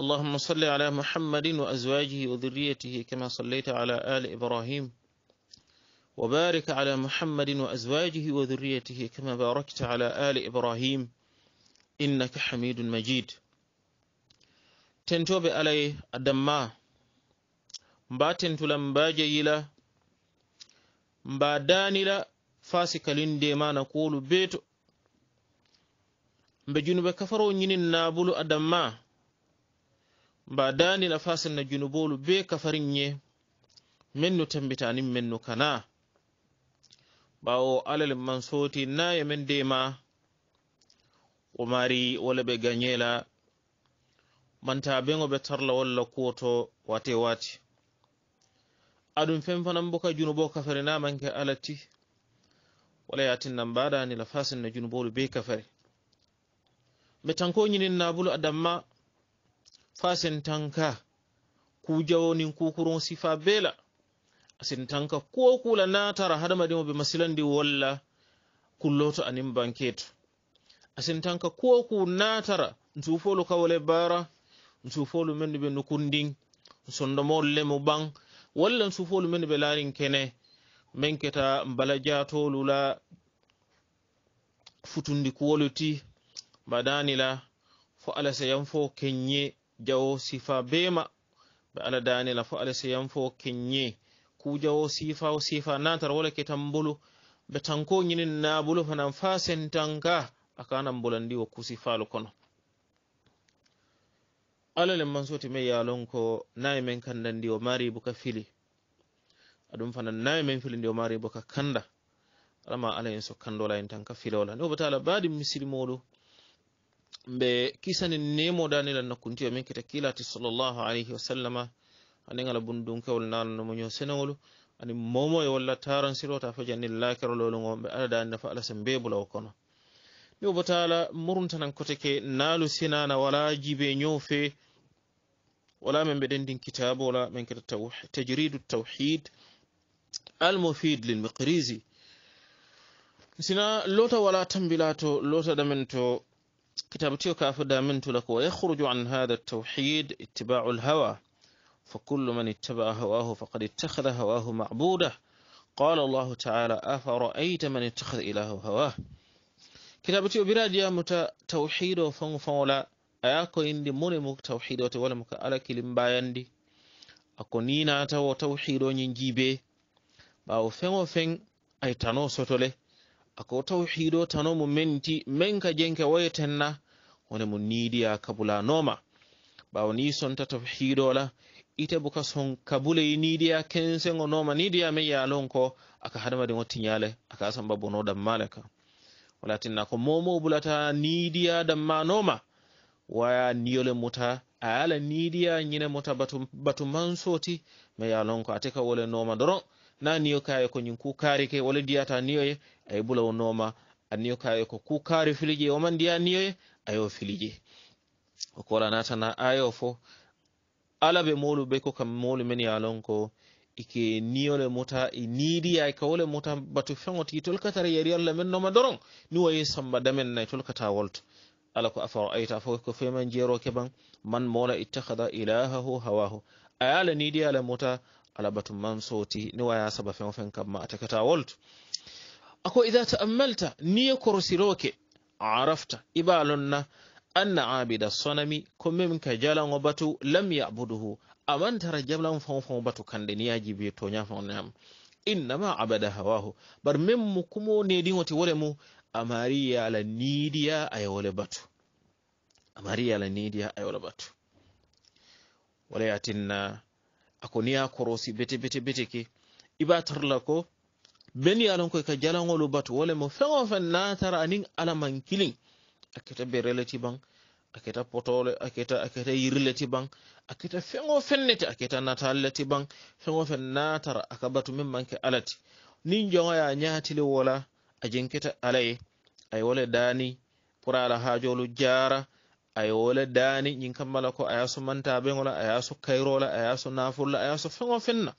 اللهم صل على محمد وأزواجه وذريته كما صليت على آل إبراهيم وبارك على محمد وأزواجه وذريته كما باركت على آل إبراهيم إنك حميد مجيد تنتوب علي الدماء mba tentula mba jeyila mba لندي ما نقول بيت kolu beto mbe junuɓe kafaro mbadani la fasil na junubolu be kafarinye min no tambitanin min no kana ɓawo alal man soti naye min dema umari wala ɓe ganyela manta bengo ɓe tarla walla kuwoto wate wati aɗum fen fanan boka junubo kafari namanke alati wala yatinnan mbadani la fasil na junubolu be kafari mi tanko ñinin nabulu adamma fasentanka kujawonin kukuron sifa bela asentanka ko kula natara hadamadi mo be masilandi walla kulloto anin banketo asentanka ko ku natara nsufolu kawole bara nsufolu mendi be nukundin sondomol lemu ban walla nsufolu mendi be larin kene menketa mbala jatolu la futundi kuwoluti badanila fo alasayanfo kenye jawo sifa be ma ɓe ala danila fo alah siyam fo keñe ku jawo sifa o sifa natar wala ke tambulu ɓe tanko ñini nabulu fanan fa sentanka akanan bulandi wo kusi falu kono allah le mansoti men yalon ko nayi e men kandandi o mari buka fili aɗum fana nayi e men fili ndi o mari buka kanda alama alah en so kandola en tanka filola ni obo taala baɗi misilimolu ɓe kisani nemoɗanila nakkuntiyo min kete kilati sallllahu alayhi wa sallama anin ala bundunkewol nalanomo ño senewol ani momo e walla taransirota fajanni lakerololugo ɓe aladanina fa alasa mbebula o kono niwobo taala muruntanan koteke naalu sinana wala jibe ñofe wala men mbeɗendin kitabu wala men keta tajridu tawhid almofid lil mikrisi sina lota wala tambilato lotaɗamen to كتاب تيوكا فدا من تلك ويخرج عن هذا التوحيد اتباع الهوى فكل من اتبع هواه فقد اتخذ هواه معبودة قال الله تعالى أفرأيت من اتخذ إله هواه كتاب تيوكا براجيا متى توحيد وفن فولا أياكو إندي منمك توحيد وتولمك على كلم بايندي أكو نينا تو توحيد ونجيبه باو فن وفن أي تنو سوتولي أكو توحيد وتنو ممنتي منك جنك ويتنه woni mo niidiya kabula nooma ɓaawo ni sontata hiiɗoola ite buka son kabule kabuley niidiya kenseŋo nooma niidiya a yaalon ko aka hadamadin o tiñaale aka samba bono dammaale ka wala tinna ko momo bulata niidiya dammanoma waya niyole muta a yala niidiya ñine muta batu, batu mansoti ma yalon ko ate ka wole nooma doron na niyo kaye ko ñin kukari ke wole diyata niyoye ay bula o nooma a niyo kaye ko kukari filije o man diya niyoye ayo filiji o koranatana ayo fo ala ɓe molu ɓe ko kamɓe molu men yalon ko ike niyole muta e niidiya e kawole muta batu feŋo ti tol katara allah men noma doron ni wayi samba damen nayi tol kata ala ko afara'ayta fo ko feman jero keban man mola ittahada ilahahu hawahu aya ala ala muta ala batu man soti ni waya saba feŋo feŋ kamma atakata wolto ako idha ta'ammalta niye korosiroke arafta ibalonna anna abida sonami ko min ka jalango batu lam yabuduhu amantara jalan fofo batu kande ni yaji be to yafonam innama abada hawahu bar min mu kumo nedio ti wole mu amari yala nidiya ayawole batu amari yala nidiya ayawole batu wala yatinna ako niya korosi bete bete beteke ibatarla ko bete, beni alan ko ka jalan batu wo le mo feŋ wo na tara anin alla maŋ kiliŋ a keta bere le ti baŋ a keta poto le a keta a keta a keta ne a keta natal le ti baŋ tara a ka batu alati nin jonga ya ti niŋ a ñaatili wo la a jeŋ keta alla a ye wo le daani jaara a ye wo le daani ñiŋ kamma la ko a ye a so mantaabeŋo la a ye a so kayiro la a ye a so naafuru la a ye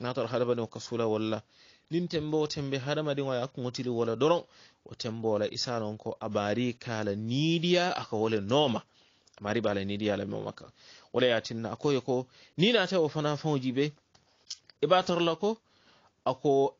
na tara hadamadiŋo ka sula nin tembo tembe hadamadiŋo ye a kuŋotili wo la doroŋ wo tembo la isa loŋ ko a ka la niidiya a ka wo le nooma a be a la niidiya la meoma kaŋ wo le ye a tinna a ko ye ko niŋ naata wo fanaŋ faŋo jibe i be a tara la ko a ko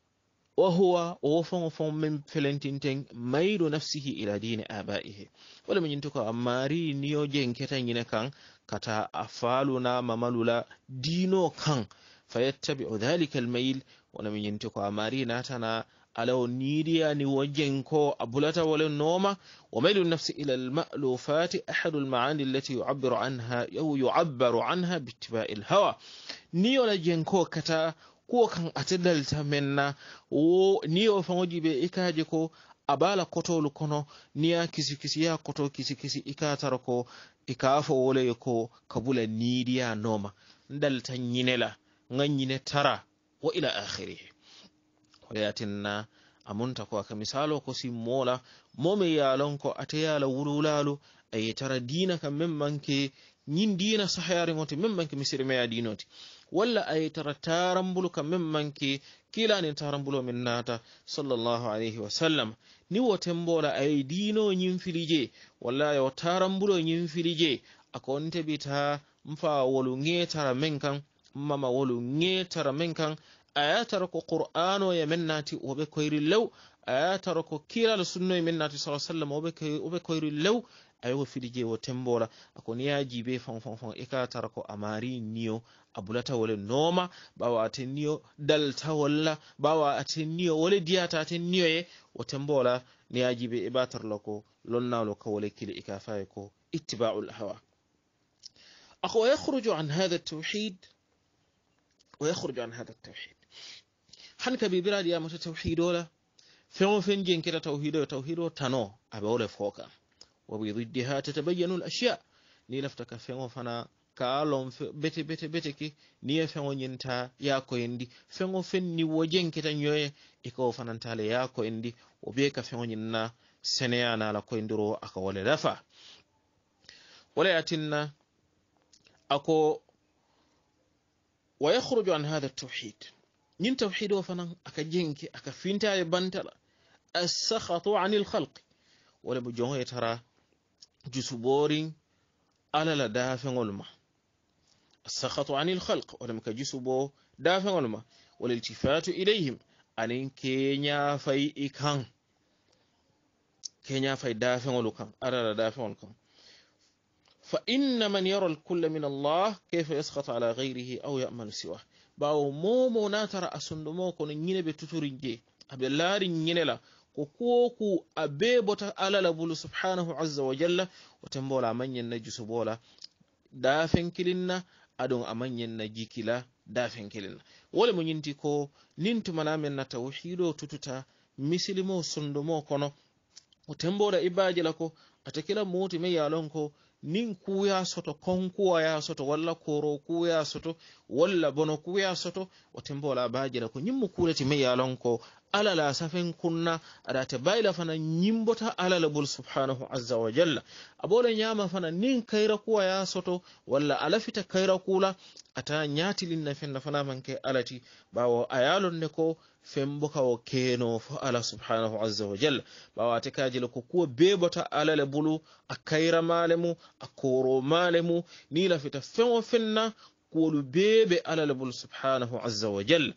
wahuwa wo faŋo faŋo meŋ felentinteŋ mailu nafsihi ila dini abaihi wo le mu ñinti ko a maari niyo jeŋ ñine kaŋ ka taa a faalu na mamalu la diino kaŋ fayattabiu dhalika almail wonami ñinti ko a marina tana alaw o niiriya ni wo jenko a bulata wolen nooma wa mailu nafsi ila almalufati ahadu almaani allati yuabbiru anha au yuabbaru anha biittibai alhawa ni yola jenko kata kuwo kan ate dalta menna na wo ni yo faŋoji be ikaje ko a bala kotolu kono niya kisikisi ya koto kisikisi ika tara ko ikafo fo wole ko kabula niiriya nooma ndalta ñinela ŋa ñine tara wa ila akhirih ya yatinna amunta ko aka misalo ko simmola momi yalon ko ateyala wululalu ay tara dina kam men manke nyin dina ngoti men manke misirmeya dinoti walla ay tara tarambulu kam men manke kilanin tarambulo min nata sallallahu alaihi wa sallam ni wo tembola aye dino nyin filije walla ay o tarambulo ñin filije akonte bita mfa wolu ŋetara men kan mama wolu ngetara men kan aya tara ko qur'ano ya min nati woɓe koyri lew aya tara ko kiilal ya men sallallahu alaihi wasallam woɓe koyri law ayewo fiɗi je wo tembola ako ni jibe fon fon fon ika e tara ko amari niyo abulata wole noma bawa aten niyo dalta walla bawa aten niyo wole diata aten niyoye wo tembola ni jibe e lako ko lonnalo ko wole kili ika e faye ko ittiba'ul hawa Akwai wa yakhruju an hadha tawhid ويخرج عن هذا التوحيد حنك ببراد يا مت توحيد ولا فين فين جين كده توحيد توحيد تنو أبول فوق وبيضدها تتبين الأشياء ni laftaka feŋo fana a loŋ bete bete bete ke niŋ ye feŋo ñinta ye a koyindi feŋo feŋ ni wo jeŋ keta ño ye i ka wo ka feŋo ñiŋ na la koyindiro a ka wo le lafa wa yakhruju an hadha tawhid yin tawhid a fanan aka jenki aka finta ya bantala as-sakhatu anil khalqi wala bu jongo e tara jusuborin alala dafeŋol ma assakhatu anil halk onam ka jusubo dafeŋol ma waliltifatu ilayhim anin keñafay i kan keñafay dafeŋolu kan alala dafeŋol kan fa inna man yara al-kulla min Allah kayfa yasqatu ala ghayrihi aw ya'malu siwa a momo na tara asundumo kono nyine be tuturinje abe laari nyine la ko kuwoku a bebota alala bulu subhanahu azza wa jalla woten bola a manyen na jusu bola dafen kilinna adon a manyen na jikila dafen kilinna wole mo yinti ko nin tumanamen na tawhido tututa misilimo sondomo kono woten bola ibaje la ko ate kila moti me yalon ko nin ya soto kuwa ya soto walla koro ya soto walla bono ya soto bola bajira ko ñimmo kuleti me yalon ko alala safin safen kunna ta baila fana yimbota alala bul subhanahu azza wa jalla abole ñama fana nin kaira kuwa ya soto walla ala fita kayra kula ata ñatilinna fenna fana manke alati ɓawo ayalon ne ko fembo wa keno fa ala subhanahu azza wa jalla ɓawo ta kajila ko kuwa bebota alala bulu a kaira male a koro male mu ni lafita fen o fenna kuwolu bebe alala bulu subhanahu azza wa jalla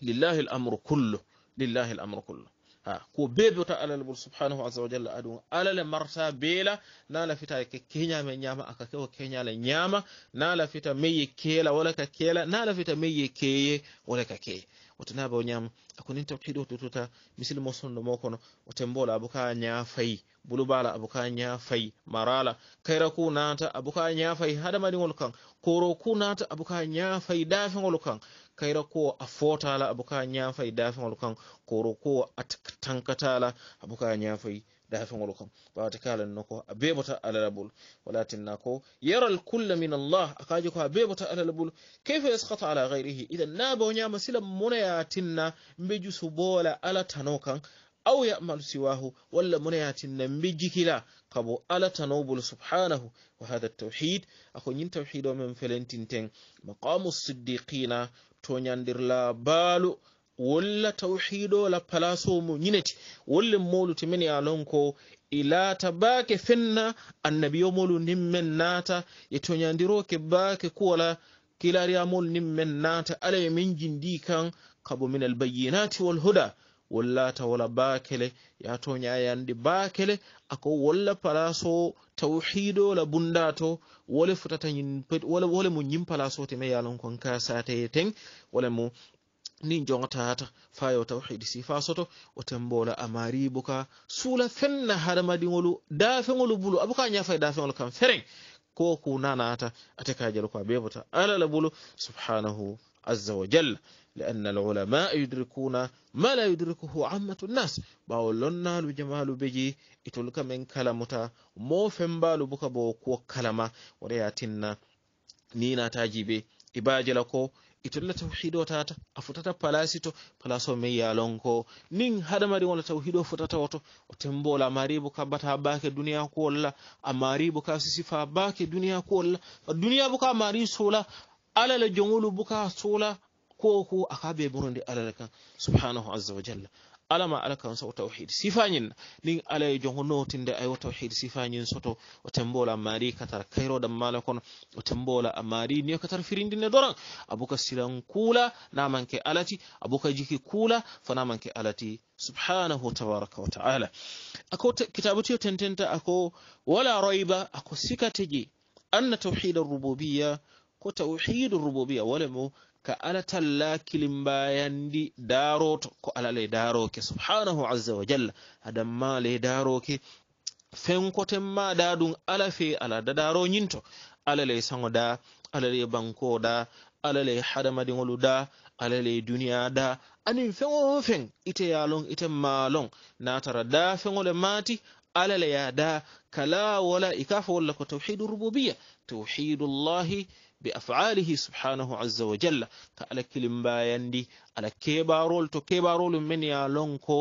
lillahi l amru kullu lillahi al-amru ha ko bebe ta alal bur subhanahu azza wa jalla adun alal marta bela la fita ke kenya me nyama aka ke kenya la nyama nala fita me ye kela wala ka kela nala fita me ye keye wala ka keye watana ba nyam akunin tawhidu tututa misil moson no mokono otembola abuka nya fai bulubala abuka nya fai marala kaira ku nata abuka nya fai hada mani ngol koro ku nata abuka nya fai dafin ngol kayra ko a fotala abuka ñafay dafeŋol kan koro ko a tankatala fai dafin dafeŋol ba ɓawata kalan no ko a alalabul walatin na ko yara kulla min allah kaji ko a alalabul alalabol ya yaskata ala gairihi idan na ba bawñama sila munayatinna mbeju bola ala tano kan ya ya'mal siwahu walla munayatin mbeji kila kabo ala tanobul subhanahu wa hada tawhid akon yin tawhid o men maqamu siddiqina to nyandirla baalu wolla tawhiɗo la palaso mo yineti wolle molu timen ya lonko ilata baake fenna annabi yo molu nin men naata e to nyandiroke baake kuwala kilariya molu nin men naata alaye min jindi kan kabo min albayyinati walhuda wallata wala bakele yato ñayandi bakele ako walla palaso tawhido la bundato wole futata wole mo ñim palaso teme yalon kon ka sateye ten wala mo ni jogotata fayo tawhidi sifa soto otembola amari buka suula fenna haramadiolu dafeolu bulu abuka ñafa dafeolu kam feren ko ku nanata ate kajalko a bebota alala bulu subhanahu azza wa jalla lian alulama yudrikuna ma la yudrikuhu ammatu nnas ɓawo lonnalu jamalu beji itolka min kalamuta mo fembalu buka bo kuwo kalama waɗaya tinna ninataji ɓe ibajela ko itolla tawhido tata a futata palasito palaso min yalonko nin haɗamari wala tawhido futata oto o tembola amaribo ka bata bake duniya ku walla amaribo ka sisifa bake duniya ku walla duniya bo ka amari sola alala jongolu bo ka sola ko akabe burundi alala kan subhanahu azza wa jalla alama ala sa tauhid sifanyin sifañin nin alaye jonko nowtinde ayo tauhid sifanyin soto o tembola mari katar kairo da malakon o tembola a ne katar katar firindine doran abuka silan kula naman ke alati abuka jiki kula fa naman ke alati subhanahu tabaraka wa taala ako tiyo tententa ako wala raiba ako sikatiji anna tawhid rububiyya ko ar-rububiyya wala mu. ka ala talla kilimbayandi daroto ko ala daro daroke subhanahu azza wa jalla adamma ma ley daroke ma da dun ala fe ala da daro nyinto ala le sango da ala le banko da ala di hadamadiŋolu da ala le duniya da anin o fen ite yalon ite malon tara da le mati ala le ya da kala wala ikafa wala ko tauhidur rububiyya tauhidullahi be afalihi subhanahu aza wa jalla ka ala kilimbayandi ala keɓarol to keɓarol umen ya lonko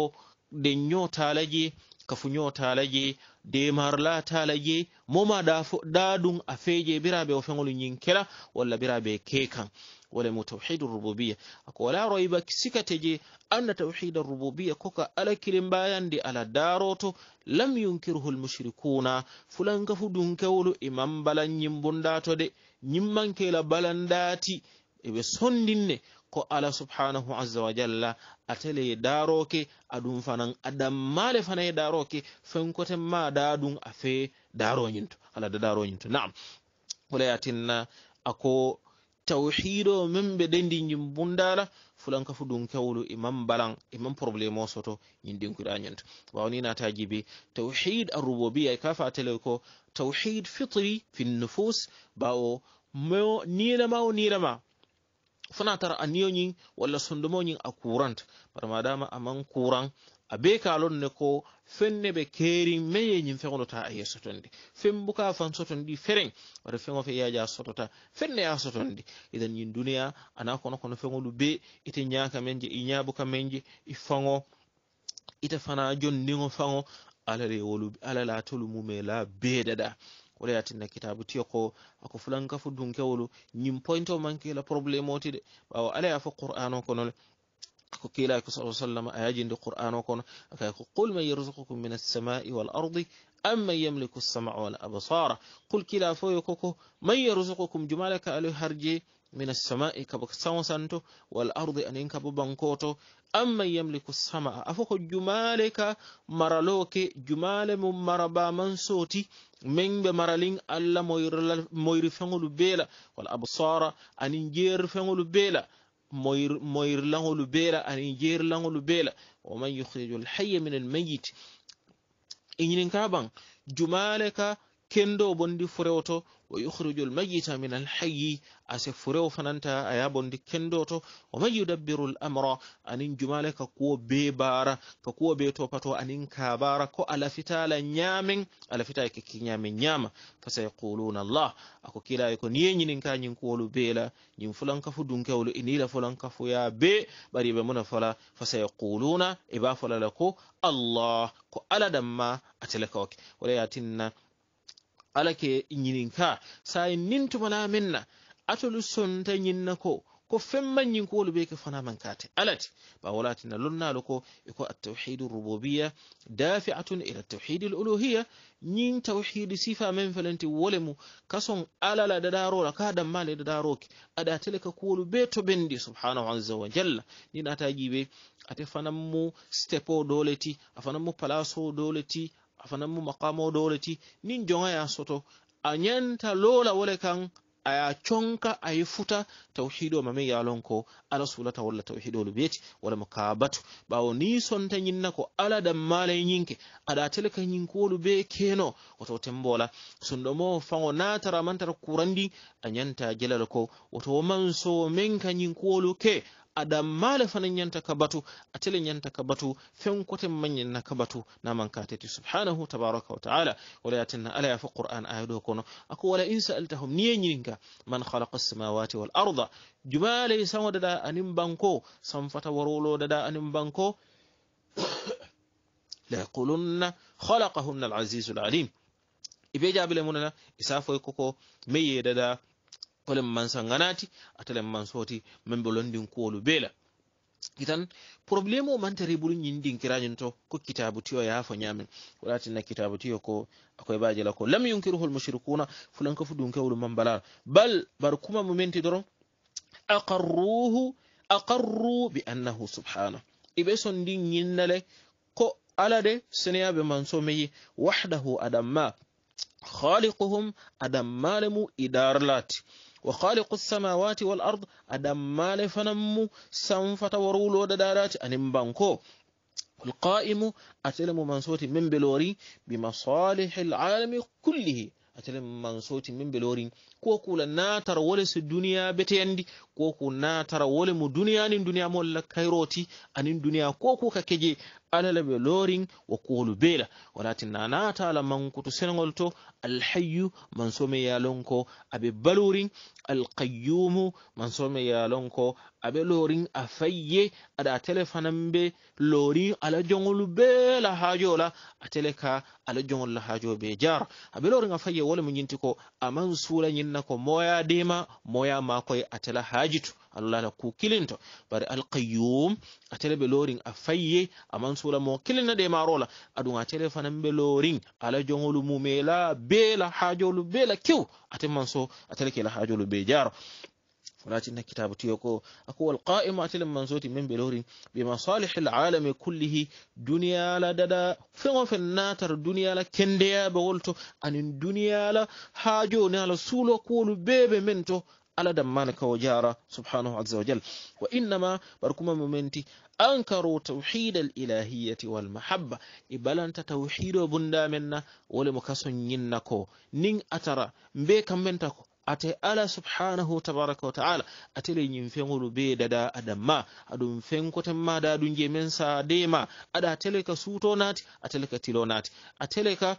de yotalaje kafu yotalaje demarla talaje moma da ɗa ɗum a feje birabe o fegol yinkela walla birabe kekan wole mo tawhidu rububiya ako wala royba sikateje anda tawhida rububiya koka ala kilin bayandi ala daroto lam yunkirhu lmushrikuna fulanka fu dunkewolu iman balan yimbundato de yimmankela balandati eɓe sondinne ko ala subhanahu aza wa jalla atele daroke aɗum fanan adammale fana e daroke fenkote ma daɗum afe daroñinto alada daroñinto naam wolayatinna ako tawhido min be dendi jin bundala fulan ka fu ɗum kewlu imam balan imam probléme soto yin ɗinkuɗa ñanta wawni nataji be tawhid ar-rububiyya ka fa ko tawhid fitri fi nufus bawo mo ma o ma fana tara a niyoñin wala sondomoñin a courant par madama aman kuran a kalon ne ko fenne ɓe keerin meye ñin feŋonota a ye sotondi fembuka fan sotondi fereŋ wata feŋo fe yaaja sotota fenne ya sotondi idan ñin duniya ana kono kono feŋolu be ite ñaaka men je i ñaabuka men je i faŋo ite fana jonndiŋo faŋo alalewolu ala latolu mume la beedada wala yatinna kitabu tiyo ko ako fulan kafo dunkewolu ñin pointo manke la probléme oti de ɓawo ala ya fo qur'an o ko nole ko kiilaaki sa sallam a yajinde qur'an o kono akay ko qul man yarzukukum min alsamai wal ardi amman yamliku lsama wal absara qul kiila foyo koko man yarzukukum jumala ka alo harje min alsamai kaba sawo santo wal ardi anin kaba bankoto amman yamliku lsamaa afo ko jumale ka maraloke jumale mo maraba man sooti min ɓe maralin allah moyri feŋolu beela wal absara anin jeeri feŋolu beela moyir laŋolu beela aniŋ jeeri laŋolu beela wa man yukhrijul hayya min almayit i ñinin baŋ jumaa le ka kendo bondi furewo to wa yukhriju lmayita min alhayi ase furewo fananta aya bondi kendo to waman yudabbiru lamra anin jumale ka kuwo be bara ka kuwo be to pato anin kabara ko alafitala ñamen alafita ke ki ñamen ñama fasayaquluna allah ako kilay ko niye ñininka ñin kuwolu bela ñin fulanka fu dunkewolu inila e fulanka fu ya be ɓariɓe muna fola fasayaquluna e ba folala ko allah ko ala damma atelekawke waɗa yatinna alake ñininka sai nin tuma na atolu ta ñinna ko ko femman ñinkowolu ɓe ke fana man kate alati bawolatina lonnalo ko eko altawhidu rububiya dafi'atun ila tawhidi uluhiya ñin tawhidi sifa men felenti wale mu kason alala ɗaɗarola ka ɗammale a aɗa tele ka kuwolu ɓe to ɓenɗi subhanahu aza wa jalla ni na ta a ate fanan stepo doleti a fanan mu palaso dole doleti afananmu dole doleti nin jonga ya soto a nyanta lola wale kan a ya conka yi futa tauhido mame yalon ko ala sulata wala tauhido lubeti wala makabatu kabatu ɓawo son ta ñinna ko ala da dammala ñinke aɗa tele ka ñinkolu be keno Wato tembola sunɗo mo fango natara mantara kurandi a nyanta jelal ko wato man so men ka ke ada male fanan yanta kabatu atelen yanta kabatu fen koten manyen na kabatu na man kateti subhanahu tabaraka wa ta'ala wala yatinna ala yafu qur'an ayado kono ako wala in sa'altahum niye nyinga man khalaqa as-samawati wal arda jumale sanwa dada anim banko samfata warolo dada anim banko la yaqulunna khalaqahunna al-aziz al-alim ibe jabile munana isafo koko meye dada tolen man sanganati a tolen man soti min ɓe londin kuwolu bela kitan probléme o mantari ɓuru yindin kiranin to ko kitabu tiyo yafo ñamin waɗatinna kitabu tiyo ko akoye bajila ko lam yunkiruhol mushrikuna fulanka fu ɗum kewlu man balala bal bar kuma muminti doron aqarruhu aqarru bi annahu subhana iɓe sondin yinnale ko alade seneyaɓe man so meyi wahdahu adamma khaliquhum adammalemu idarlati wa khaliqu samawati wal ard adam male fanammu san fatawaru lo da darati anin banko kul qa'imu atalmu mansuti min bilori bi masalihil alami kullihi atalim mansuti min bilori ko kula na tarwale su duniya betendi ko ku na tarwale mu duniya nin duniya mo la kairoti anin duniya ko ku ka keje alala ɓe loorin wo kuwolu beela walati nana taala mankutu senegol to alhayyu man somi yalon ko aɓe balorin alqayyumu man somi yalon ko aɓe lorin a fayye aɗa tele fanan be lori ala jongol be lahajo la a tele ka ala jongol hajo be jar aɓe lorin a fayye wala mo yinti ko aman sula yinna ko moya dema moya makoy a tela hajitu allah la ku kilinto bari alqayyum a tele be lorin a fayye aman sula mo kilinna de marola aɗum a tele fanan ɓe lorin ala jongol mumela be lahajolu be la kew ateman so a tele ke lahajolu be jar ولكنها كتاب تيوكو أكو القائمة لمن زوتي من بلوري بمصالح العالم كله دنيا لا ددا فين في الناتر دنيا لا كنديا بولتو أن الدنيا لا حاجو نال سولو كولو بيبي منتو على دمانك وجارة سبحانه عز وجل وإنما بركما ممنتي أنكروا توحيد الإلهية والمحبة إبالان توحيد بندامنا منا ولمكسن ينكو نين أترى مبيكا منتكو ate ala subhanahu tabaraka wa taala atele ñin feŋolu be dada adamma adum aɗum fenkotenma da ɗum je men sa dema ada atele ka suto nati atele ka tilo nati atele ka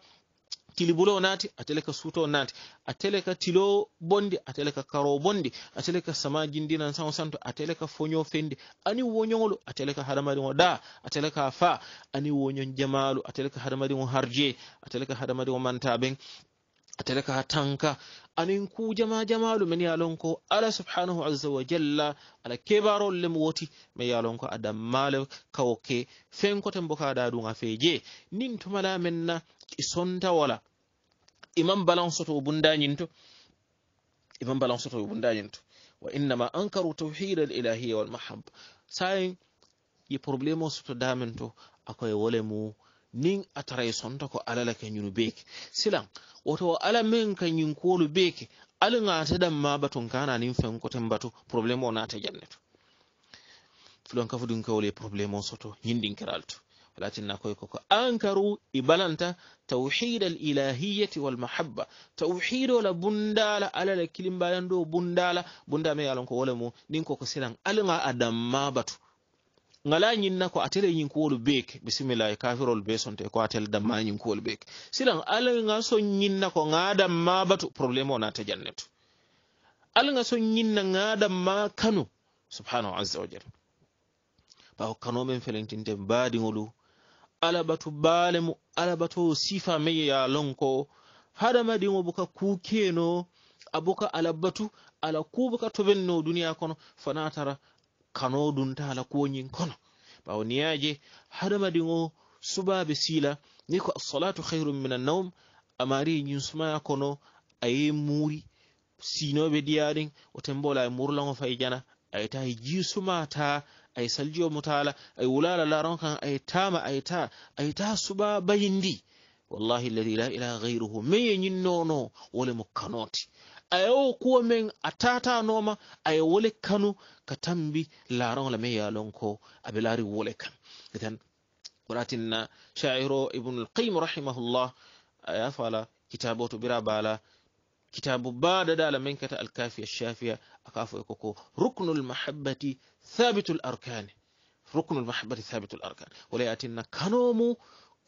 tilibulo nati atele ka suto nati atele ka tilo bondi atele ka karo bondi atele ka sama jindinan san santo atele ka fonyo fendi ani wonyolo atele ka hadamari ɗa atele ka fa ani woñon jamalu atele ka hadamariŋo harje atele ka hadamariŋo mantaɓen a talaka tanka anin ku jama jamalu men yalonko ala subhanahu aza wajalla ala kebarol lem woti men yalonko adam male kawoke fenkoten bo kaɗa ɗum a feje nin to mala menna isonta wala iman balansoto bundañinto iman balansoto bundañinto wa innama ankaru tawhid alilahiya walmahaba sa yi probléme o sotodamen to akoye wole mu nin ataray e sonta ko alala ke ñunu beeke silan woto ala men ka ñinkuwolu beeke ala ŋateɗan ma baton kana nin fenkoten batu probléme o nate janne to fulon kafu ɗum kawole probléme o soto ñindinkiral to walatinna koye koko ankaru e balanta al ilahiyati wal mahabba tawhido la bundala alala kilimbalan ɗo bundala bundame yalon ko wole mum ɗin koko silan alga adamma batu ngala ñinna ko atele ñinkuwolu beek bisimillahi kafirol be sonte ko atele damma ñinkuwolu beek silan alanga so ñinna ko ŋaadam mabatu probléme ona te jannetu alanga so ñinna ŋaadam ma kanu subhanahu aza wa jal bawo kanomen felentinten baadiŋolu alabatu baalemu alabato sifa me ya lonko hadama diŋo buka kukeno abuka alabatu ala kubuka toɓenno duniya kono fana tara Kano kanoɗum ko koñin kono yaje niyaje haɗamadin suba subaɓe sila ni ko as-salatu hayrum min nawm amari ñin sumaya kono sino be sinoɓe o oten mbola e murlago fay jana ta ji suma ta ay saljo mutala ay wulala laron kan ta ay ta suba bayindi wallahi alladhi la ilaha ghayruhu min yin nono wole kanoti a yau kuwa min a tata noma a yau wale kanu ka tambi laron lame min ko a bilari wale kan kan kuratin na shairo ibnu alqayim rahimahullah a ya fala kitabu to bira bala kitabu ba da min kata alkafiya shafiya a ya koko ruknul mahabbati thabitul arkani ruknul mahabbati thabitul arkan ya yatinna kanomu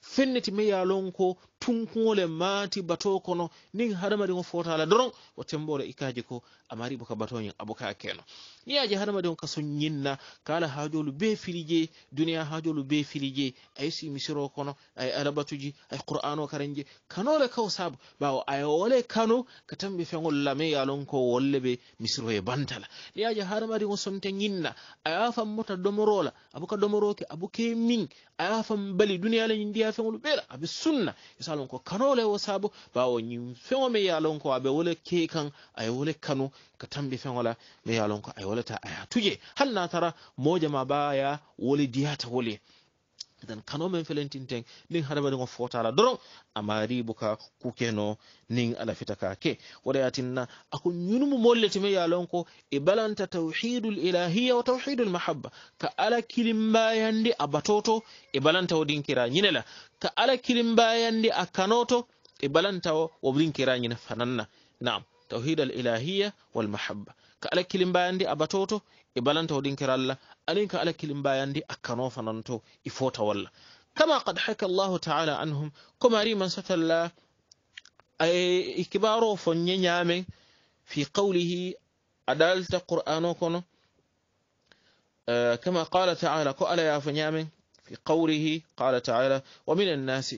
fenneti meyalonko tunkuŋole maati bato kono nin hadamadi o fotala doron o temboro ikaji ko amari boka batoñi aboka keno yaji hadamadi o kaso ñinna kala hajolu be filije duniya hajolu be filije ay simisiro kono ay alabatuji ay qur'ano karanje kanole kaw sabu bawo aya wole kano ka tambe feŋolla meyalonko wolle ɓe misiro e bantala yaji hadamadi o sonte ñinna aya fam mota domorola aboka domoroke aboke min aya fam bali duniya leñi ndiya feŋolu ɓee la sunna ye sa lon ko Kano la wo saabo ba ñiŋ feŋo fɛn ye a lon ko a bɛ le kee kan a ye wo ka tambi feŋo la meŋ ye ko a ye ta a ya tuje hali n'a tara moo jama ba ya wo diya ta idan kano men felentin ten nin hadamadiŋo fotala doroŋ amari buka kukeno nin ala fita ke wada yatinna ako nyunumu molle le time ye lon ko e balanta tawhidul ilahiyya wa tawhidul mahabba ka ala kilimba a abatoto e balanta wo dinkira ñine la ka ala kilimba a akanoto e balanta wo wo fananna naam tawhid ilahiyya wal mahabba ka ala kilimbayandi a batoto e balanta hodin kira allah anin ka ala kilimbayandi a kano fananto e walla kama qad haka allahu taala anhum komari man satalla e ikibaro fonye nyame fi qawlihi adalta qur'ano kono كما قال تعالى قال يا فنيام في قوله قال تعالى ومن الناس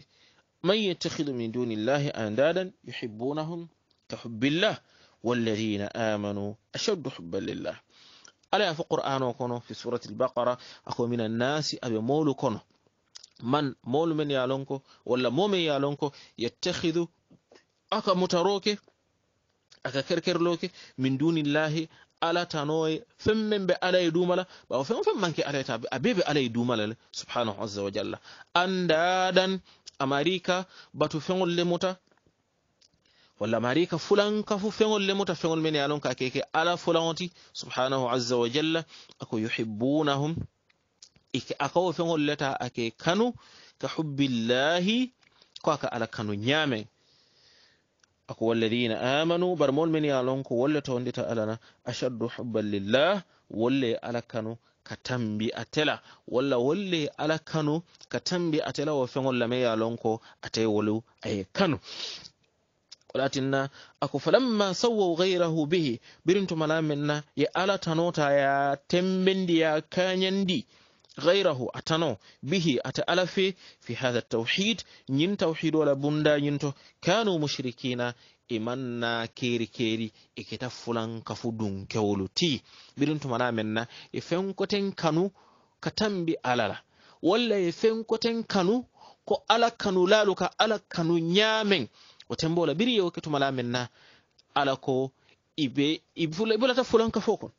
من يتخذ من دون الله أندادا يحبونهم كحب الله والذين آمنوا أشد حبا لله ألا في القرآن وكونه في سورة البقرة أخو من الناس أبي مول كونه من مول من يالونكو ولا مومي يالونكو يتخذ أكا متروكي أكا كركر لوكي من دون الله ألا تانوي فمن بألا يدوم لا بأو فم فم منك ألا يتابع أبي بألا يدوم لا سبحانه عز وجل أندادا أمريكا باتو فم اللي walla ma hari ka fulan kafu feŋol le mota fengol men yalon ka keke ala fulanoti subhanahu azza wa jalla ako yuhibunahum ike akawo feŋol leta ake kanu ka hubbillahi ko aka ala kanu nyame ako walladina amanu bar mol men yalon a lon ko wolle towndita alana ashaddu hubban lillah wolle ala kanu katambi atela a walla wolle ala kanu katambi atela wa fengol wo feŋol lame ye ko ataye wolu ay kanu walatinna ako falamma sawwau gayrahu bihi birin to malamin na ye ala tanota ya tembendi ya kanyandi غيره أتنو به أتألف في هذا التوحيد ين توحيد ولا بندا ينتو كانوا مشركين imanna keri keri ikita fulan kafu dun kewolu ti birin ifen koten kanu ka alala walla ifen koten kanu ko ala kanu lalu ala kanu nyamen o tembola biri yo ketumala men na ala ko ibe ibulata fulanka fo kon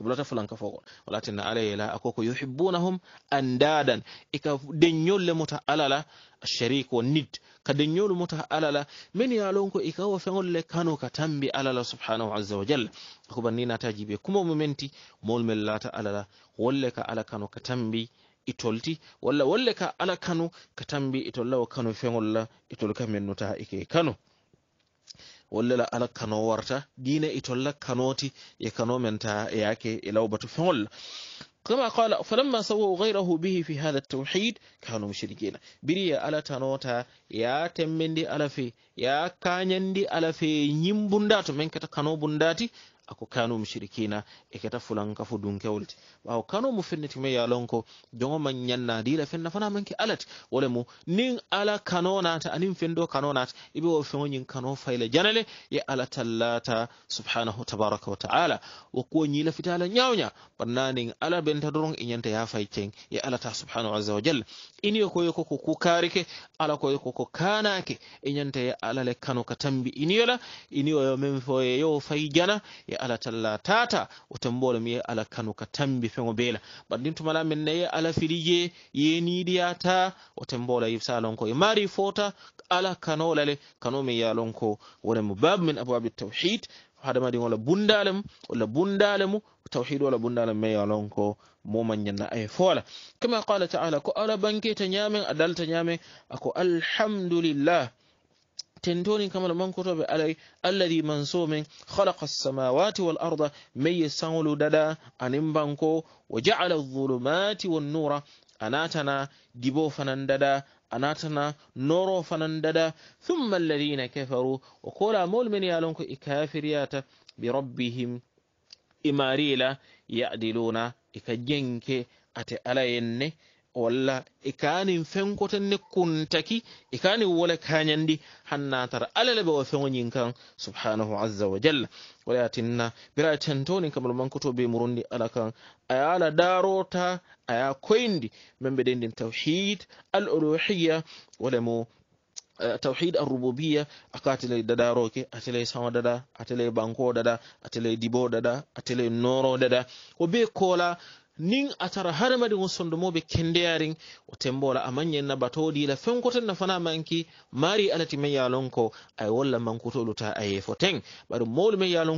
ibulata fulanka fo kon walatinna ala yela ako ko yuhibbunahum andadan ika denñolle mota alala sharik wa nid ka denñolu mota alala min ya lon ika wo feŋolle kano ka tambi alala subhanahu azza wa jalla ako bannina taji kuma mumenti mol mel alala wolle ka ala kano ka tambi itolti walla wolle ka ala kano ka tambi itolla o kano feŋol la itol ka men nuta ike kano wolle la ala kano warta diina itolla kanoti ye kano men ta yake ilaw batu feŋol la كما قال فلما سووا غيره به في هذا التوحيد كانوا مشركين بريا ألا تنوتا يا تمندي ألا في يا كانيندي ألا في نيم بنداتو من كتا كانوا بنداتي ako kanu mushrikina e keta fulan ka fu dunkewolti ɓawo kano mu finniti me yalon jongo man ñanna dila fenna fana manke alat wole mu nin ala kano nata anin fendo kano nata iɓe wo feŋo ñin kano fayle janale ye ala tallata subhanahu tabaraka wa taala wo kuwo ñila fitala ñawña banna ala benta doron e ñanta ya fay ceng ala ta subhanahu aza wa jalla ini yo koyo koko kukarike ala koyo koko kanake e ñanta ye ala le kano ka iniyola iniyo yo men yo fay jana ye alah talla tata otembolo mi yi ala kanuka tambi fego beela ɓaɗɗin tumala min nayi ala filiye yeniɗi yata otembolo yisalonko e mari fota ala kanolale kanomin yalonko wonemo babe min abobabe tawhid haɗamaɗin walla bundalemo walla bundalemo tawhid walla bundalemo ma yalonko momanñanna aye foola kama qala taala ko ala banketa ñamen a dalta ñamen ako alhamdulillah tentoni kamala mankotoɓe alay alladi manso men halaka samawati wal arda meye sawlu dada anin banko wa jaala zulumati wannura anatana dibo fanan dada anatana noro fanan dada thumma alladina kafaru wo kola mawol men yalonko e kafiriyata bi rabbihim imarila yadiluna eka jenke ate alayenne walla ikanin fenkoten ne kuntaki ikani wala kanyandi hannatar alala be wa fengonyin kan subhanahu azza wa jalla wala yatinna bira tantoni kamar man kuto be murundi alakan ayala darota aya koyndi membe dendin tauhid al uluhiyya wala mu eh, tawhid arrububiyya a katilai dada roke atilai sama dada atilai banko dada atilai dibo dada atilai noro dada ko be kola nin atara hadamadiŋo sondomoɓe kendeyariŋ wo tembo la amaŋ na batoɗi la fenkoten na fana manki mari alati meŋ ye lon ko aye walla mankutolu ta aye fo teŋ bari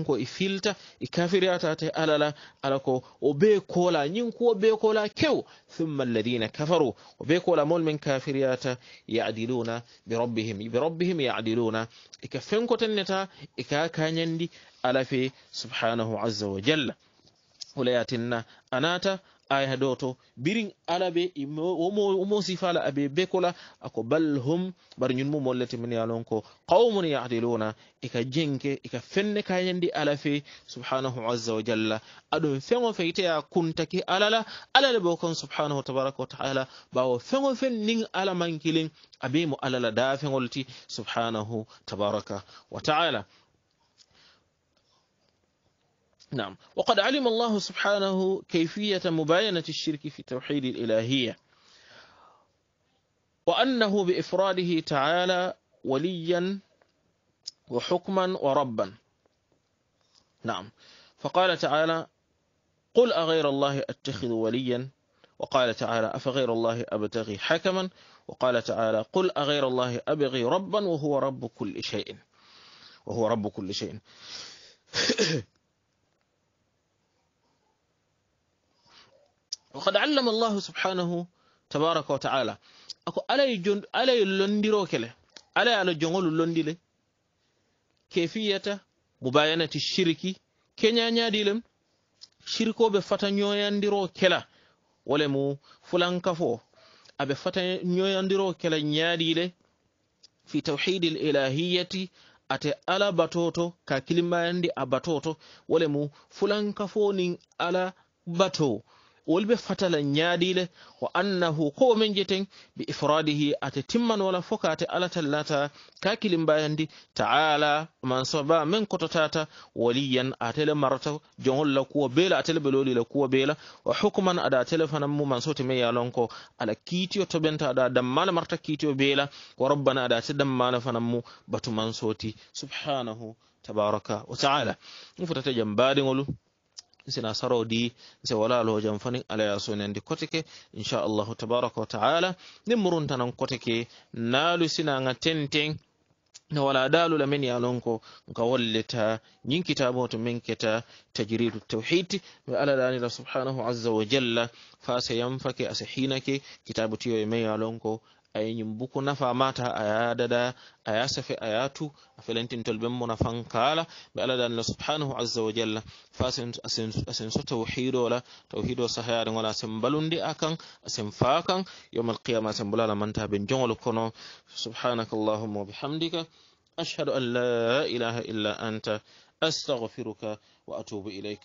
ko i filta i ta ala alala ala ko wo kola ñiŋ kuwo be kola kew thumma na kafaru o be kola moolu meŋ kafiriyata yadiluna birabbihim birabbihim yadiluna i ka fenkoten neta i ka ala fi subhanahu azza wa jalla hulayatinna anata aya ɗo to birin ala ɓe omo sifala aɓe be kola ako bal hum bar ñunmo mollete min yalon ko qawmun yadiluna eka jenke eka fenne kayandi ala fe subhanahu aza wa jalla aɗum fego feyteya kuntaki alala alala bo kon subhanahu tabaraka wa taala bawo fego fen nin ala mankilin aɓe mo alala da fegolti subhanahu tabaraka wa taala نعم وقد علم الله سبحانه كيفية مباينة الشرك في توحيد الإلهية وأنه بإفراده تعالى وليا وحكما وربا نعم فقال تعالى قل أغير الله أتخذ وليا وقال تعالى أفغير الله أبتغي حكما وقال تعالى قل أغير الله أبغي ربا وهو رب كل شيء وهو رب كل شيء wakad allama allahu subhanahu tabaraka wa taala ako alay jon alay londiro kele alay ala jongolu londile kefiyata mubayanati shirki keñañadilem shirkoɓe fata ñoyandiro kela wole mu fulankafo aɓe fata ñoyandiro kela ñaadile fi tawhidi l ilahiyati ate ala batoto ka kilimayandi a batoto wole mu fulankafo nin ala batowo wol ɓe fatala ñaaɗiile wo annahu ko o men jeten bi ifradihi ate timman wala fokate alatallata kakilimbayandi taala man soba men kototata waliyan atele marata jogolla kuwo beela atele ɓe lolila kuwo beela o hukman aɗa atele fanammu man sote men yalonko ala kiitiyo toɓenta aɗa dammala marta kiitiyo beela wo robbana aɗa ate dammala fanammu batu man soti subhanahu tabaraka wa taala ɗum fotata jam baaɗigolu sina sarodi se wala lo jam fani ala ya so nandi koteke inchallahu tabaraka wa taala nin muruntanan koteke naalu sina ga tenten no wala dalula men ya ko ka walleta ñin kitabo to min keta tajridu tawhid ɓe alalanila subhanahu azza wa jalla fa se yanfake ase hinake kitabo tiyo e men yalon ko aye ñin nafa mata ayadada dada ayatu safe aya tu fankala felentintol ɓen mo subhanahu azza wa jalla fa asen so la tawhido sahayade gona asen balundi a kan asen fa kan yowma alqiyama asen bulala manta ɓe jogol kono subhanaka allahumma wa bihamdika ashhadu an la ilaha illa anta astaghfiruka wa atubu ilayk